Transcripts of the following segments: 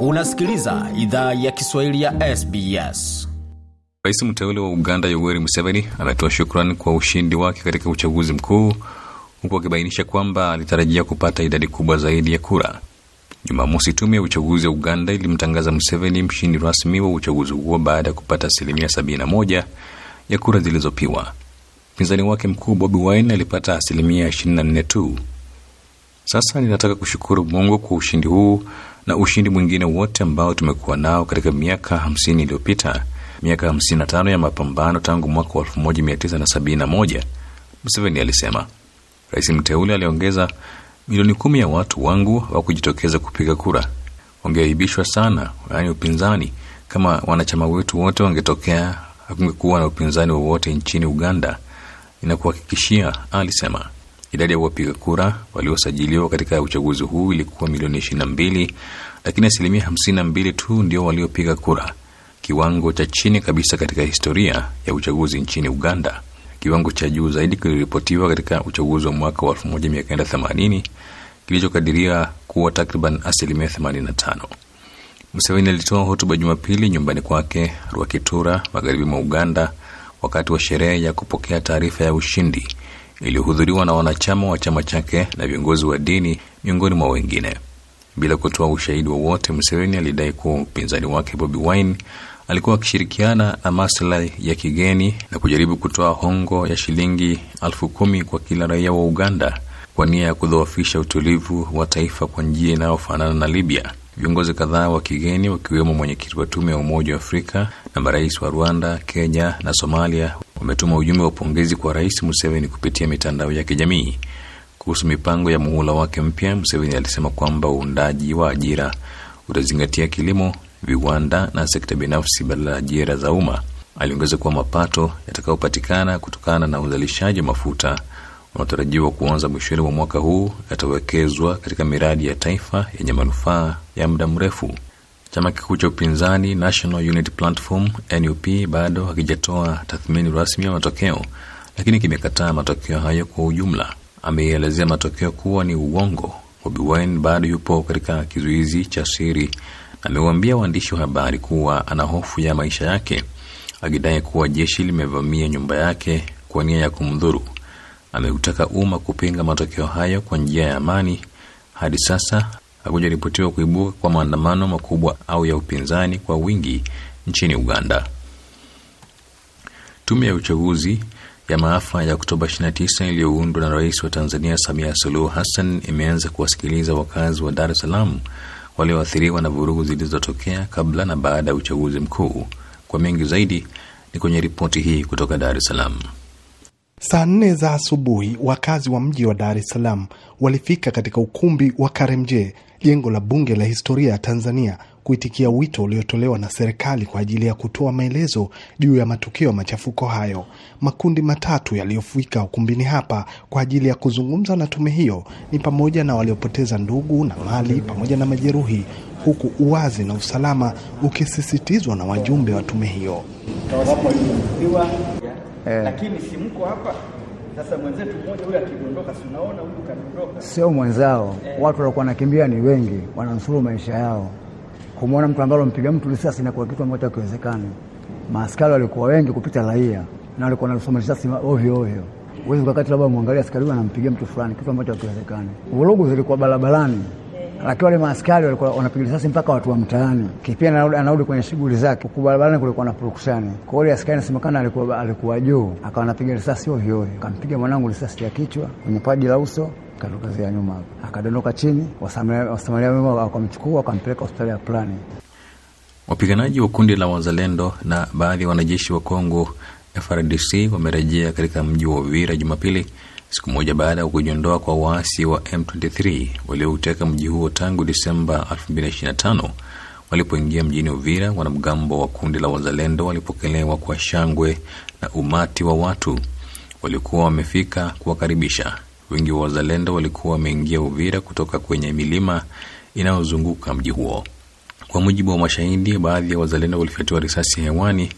Unasikiliza idhaa ya Kiswahili ya SBS. Rais mteule wa Uganda Yoweri Museveni ametoa shukrani kwa ushindi wake katika uchaguzi mkuu huku akibainisha kwamba alitarajia kupata idadi kubwa zaidi ya kura. Jumamosi, tume ya uchaguzi wa Uganda ilimtangaza Museveni mshindi rasmi wa uchaguzi huo baada ya kupata asilimia 71 ya kura zilizopiwa. Mpinzani wake mkuu Bobi Wine alipata asilimia 24 tu. Sasa ninataka kushukuru Mungu kwa ushindi huu na ushindi mwingine wote ambao tumekuwa nao katika miaka 50 iliyopita, miaka 55 ya mapambano tangu mwaka wa 1971, Museveni alisema. Rais mteule aliongeza, milioni kumi ya watu wangu hawakujitokeza kupiga kura, wangeaibishwa sana, yaani upinzani. Kama wanachama wetu wote wangetokea, hakungekuwa na upinzani wowote nchini Uganda, inakuhakikishia, alisema. Idadi ya wapiga kura waliosajiliwa katika uchaguzi huu ilikuwa milioni 22, lakini asilimia 52 tu ndio waliopiga kura, kiwango cha chini kabisa katika historia ya uchaguzi nchini Uganda. Kiwango cha juu zaidi kiliripotiwa katika uchaguzi wa mwaka wa 1980 kilichokadiria kuwa takriban asilimia 85. Museveni alitoa hotuba Jumapili nyumbani kwake Rwakitura, magharibi mwa Uganda, wakati wa sherehe ya kupokea taarifa ya ushindi iliyohudhuriwa na wanachama wa chama chake na viongozi wa dini miongoni mwa wengine. Bila kutoa ushahidi wowote, Museveni alidai kuwa upinzani wake Bobi Wine alikuwa akishirikiana na maslahi ya kigeni na kujaribu kutoa hongo ya shilingi elfu kumi kwa kila raia wa Uganda kwa nia ya kudhoofisha utulivu wa taifa kwa njia inayofanana na Libya. Viongozi kadhaa wa kigeni wakiwemo mwenyekiti wa tume ya Umoja wa Afrika na marais wa Rwanda, Kenya na Somalia wametuma ujumbe wa pongezi kwa Rais Museveni kupitia mitandao ya kijamii kuhusu mipango ya muhula wake mpya. Museveni alisema kwamba uundaji wa ajira utazingatia kilimo, viwanda na sekta binafsi badala ya ajira za umma. Aliongeza kuwa mapato yatakayopatikana kutokana na uzalishaji wa mafuta unaotarajiwa kuanza mwishoni mwa mwaka huu yatawekezwa katika miradi ya taifa yenye manufaa ya muda mrefu. Chama kikuu cha upinzani National Unity Platform NUP bado hakijatoa tathmini rasmi ya matokeo, lakini kimekataa matokeo hayo kwa ujumla. Ameielezea matokeo kuwa ni uongo. Bobi Wine bado yupo katika kizuizi cha siri na amewaambia waandishi wa habari kuwa ana hofu ya maisha yake, akidai kuwa jeshi limevamia nyumba yake kwa nia ya kumdhuru. Ameutaka umma kupinga matokeo hayo kwa njia ya amani. Hadi sasa hakujaripotiwa kuibuka kwa maandamano makubwa au ya upinzani kwa wingi nchini Uganda. Tume ya uchaguzi ya maafa ya Oktoba 29 iliyoundwa na Rais wa Tanzania Samia Suluhu Hassan imeanza kuwasikiliza wakazi wa Dar es Salaam walioathiriwa na vurugu zilizotokea kabla na baada ya uchaguzi mkuu. Kwa mengi zaidi ni kwenye ripoti hii kutoka Dar es Salaam. Saa nne za asubuhi wakazi wa mji wa Dar es Salaam walifika katika ukumbi wa Karemje jengo la Bunge la Historia ya Tanzania kuitikia wito uliotolewa na serikali kwa ajili ya kutoa maelezo juu ya matukio ya machafuko hayo. Makundi matatu yaliyofuika ukumbini hapa kwa ajili ya kuzungumza na tume hiyo ni pamoja na waliopoteza ndugu na mali pamoja na majeruhi, huku uwazi na usalama ukisisitizwa na wajumbe wa tume hiyo. Lakini si mko hapa sasa mwenzetu mmoja huyu akidondoka, si unaona huyu kadondoka, sio mwenzao eh. Watu walikuwa wanakimbia ni wengi, wananusuru maisha yao. Kumwona mtu ambaye mpiga mtu risasi na kwa kitu ambacho hakiwezekani. Maaskari walikuwa wengi kupita raia na walikuwa wanasoma risasi ovyo ovyo Uwezi ukakati labda mwangalia askari anampiga mtu fulani, kitu ambacho hakiwezekani. Vurugu zilikuwa barabarani lakini wale maaskari walikuwa wanapiga risasi mpaka watu wa mtaani. Kipia anarudi kwenye shughuli zake, huku barabarani kulikuwa na purukushani. Kwa hiyo askari anasemekana alikuwa, alikuwa juu, akawa anapiga risasi ovyo ovyo, akampiga mwanangu risasi ya kichwa kwenye paji la uso katokazia nyuma akadondoka chini. Wasamaria wema wakamchukua wakampeleka hospitali ya Plani. Wapiganaji wa kundi la Wazalendo na baadhi ya wanajeshi wa Kongo FRDC wamerejea katika mji wa Uvira Jumapili siku moja baada ya kujiondoa kwa waasi wa M23 walioteka mji huo tangu Disemba 2025 walipoingia mjini Uvira, wanamgambo wa kundi la Wazalendo walipokelewa kwa shangwe na umati wa watu walikuwa wamefika kuwakaribisha. Wengi wa Wazalendo walikuwa wameingia Uvira kutoka kwenye milima inayozunguka mji huo. Kwa mujibu wa mashahidi, baadhi ya Wazalendo walifyatiwa risasi hewani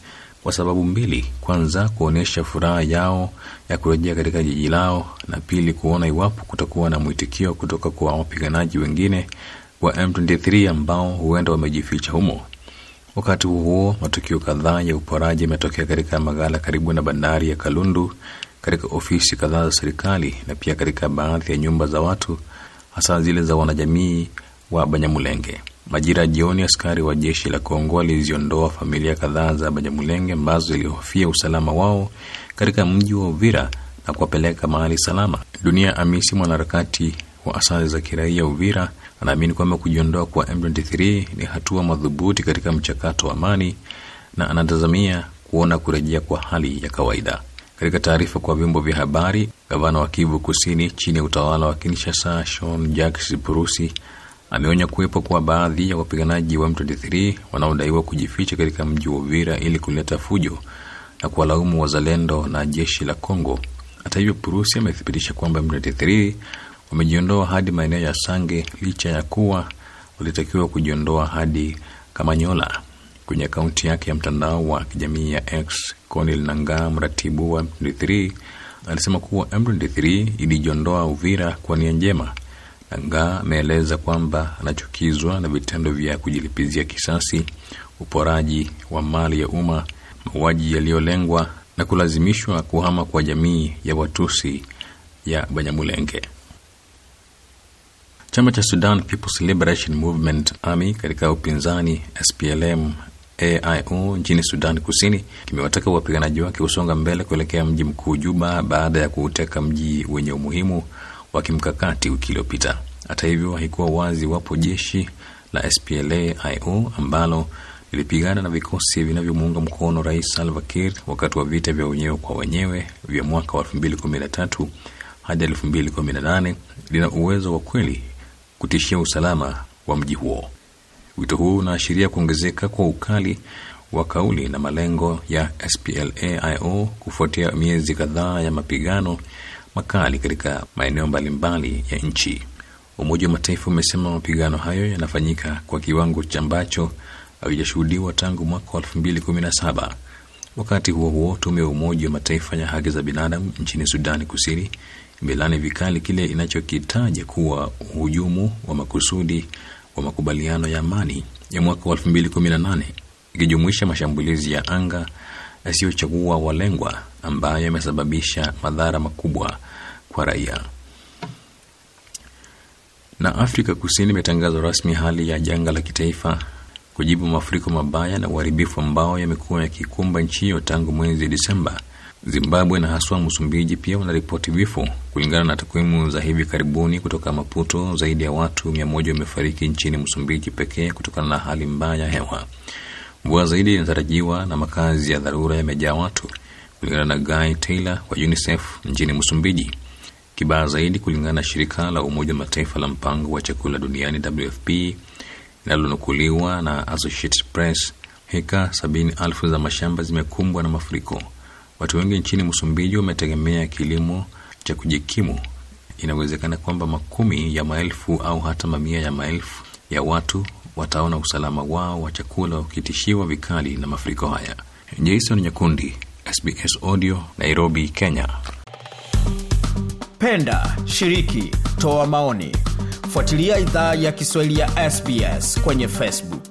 kwa sababu mbili. Kwanza, kuonyesha furaha yao ya kurejea katika jiji lao, na pili, kuona iwapo kutakuwa na mwitikio kutoka kwa wapiganaji wengine wa M23 ambao huenda wamejificha humo. Wakati huo huo, matukio kadhaa ya uporaji yametokea katika maghala karibu na bandari ya Kalundu, katika ofisi kadhaa za serikali na pia katika baadhi ya nyumba za watu, hasa zile za wanajamii wa Banyamulenge. Majira jioni, askari wa jeshi la Kongo waliziondoa familia kadhaa za Banyamulenge ambazo zilihofia usalama wao katika mji wa Uvira na kuwapeleka mahali salama. Dunia Amisi, mwanaharakati wa asasi za kiraia Uvira, anaamini kwamba kujiondoa kwa M23 ni hatua madhubuti katika mchakato wa amani na anatazamia kuona kurejea kwa hali ya kawaida. Katika taarifa kwa vyombo vya habari, gavana wa Kivu Kusini chini ya utawala wa Kinshasa, Shon Jacques Purusi Ameonya kuwepo kwa baadhi ya wapiganaji wa M23 wanaodaiwa kujificha katika mji wa Uvira ili kuleta fujo na kuwalaumu wazalendo na jeshi la Kongo. Hata hivyo, Purusi amethibitisha kwamba M23 wamejiondoa hadi maeneo ya Sange licha ya kuwa walitakiwa kujiondoa hadi Kamanyola. Kwenye akaunti yake ya mtandao wa kijamii ya X, Konil Nanga, mratibu wa M23, alisema kuwa M23 ilijiondoa Uvira kwa nia njema Nga ameeleza kwamba anachukizwa na vitendo vya kujilipizia kisasi, uporaji wa mali ya umma, mauaji yaliyolengwa na kulazimishwa kuhama kwa jamii ya Watusi ya Banyamulenge. Chama cha Sudan People's Liberation Movement Army katika upinzani SPLM AIU nchini Sudan Kusini kimewataka wapiganaji wake kusonga mbele kuelekea mji mkuu Juba baada ya kuuteka mji wenye umuhimu wa kimkakati wiki iliyopita. Hata hivyo, haikuwa wazi iwapo jeshi la SPLA-IO ambalo lilipigana na vikosi vinavyomuunga mkono Rais Salva Kiir wakati wa vita vya wenyewe kwa wenyewe vya mwaka wa 2013 hadi 2018 lina uwezo wa kweli kutishia usalama wa mji huo. Wito huu unaashiria kuongezeka kwa ukali wa kauli na malengo ya SPLA-IO kufuatia miezi kadhaa ya mapigano makali katika maeneo mbalimbali ya nchi. Umoja wa Mataifa umesema mapigano hayo yanafanyika kwa kiwango cha ambacho hakijashuhudiwa tangu mwaka wa elfu Wakati huo huo, tume ya Umoja wa Mataifa ya haki za binadamu nchini Sudani Kusini imelani vikali kile inachokitaja kuwa uhujumu wa makusudi wa makubaliano ya amani ya mwaka wa elfu ikijumuisha mashambulizi ya anga yasiyochagua walengwa ambayo yamesababisha madhara makubwa kwa raia. Na Afrika Kusini imetangaza rasmi hali ya janga la kitaifa kujibu mafuriko mabaya na uharibifu ambao yamekuwa yakikumba nchi hiyo tangu mwezi Disemba. Zimbabwe na haswa Msumbiji pia wanaripoti vifo. Kulingana na takwimu za hivi karibuni kutoka Maputo, zaidi ya watu mia moja wamefariki nchini Msumbiji pekee kutokana na hali mbaya ya hewa. Mvua zaidi inatarajiwa na makazi ya dharura yamejaa watu, kulingana na Guy Taylor wa UNICEF nchini Msumbiji, kibaya zaidi kulingana na shirika la Umoja wa Mataifa la mpango wa chakula duniani WFP linalonukuliwa na Associated Press. Heka sabini elfu za mashamba zimekumbwa na mafuriko. Watu wengi nchini Msumbiji wametegemea kilimo cha kujikimu. Inawezekana kwamba makumi ya maelfu au hata mamia ya maelfu ya watu wataona usalama wao wa chakula wakitishiwa vikali na mafuriko haya. Jason Nyakundi, SBS Audio, Nairobi, Kenya. Penda, shiriki, toa maoni, fuatilia idhaa ya Kiswahili ya SBS kwenye Facebook.